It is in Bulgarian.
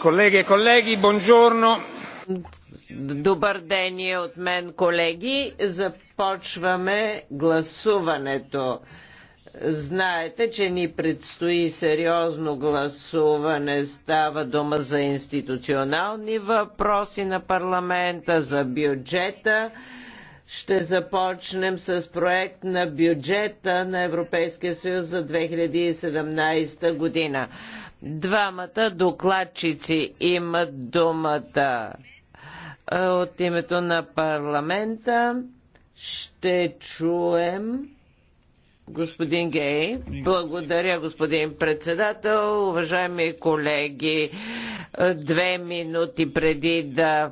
Колеги и колеги, бонжорно! Добър ден и от мен, колеги. Започваме гласуването. Знаете, че ни предстои сериозно гласуване. Става дума за институционални въпроси на парламента, за бюджета ще започнем с проект на бюджета на Европейския съюз за 2017 година. Двамата докладчици имат думата е, от името на парламента. Ще чуем господин Гей. Благодаря, господин председател. Уважаеми колеги, две минути преди да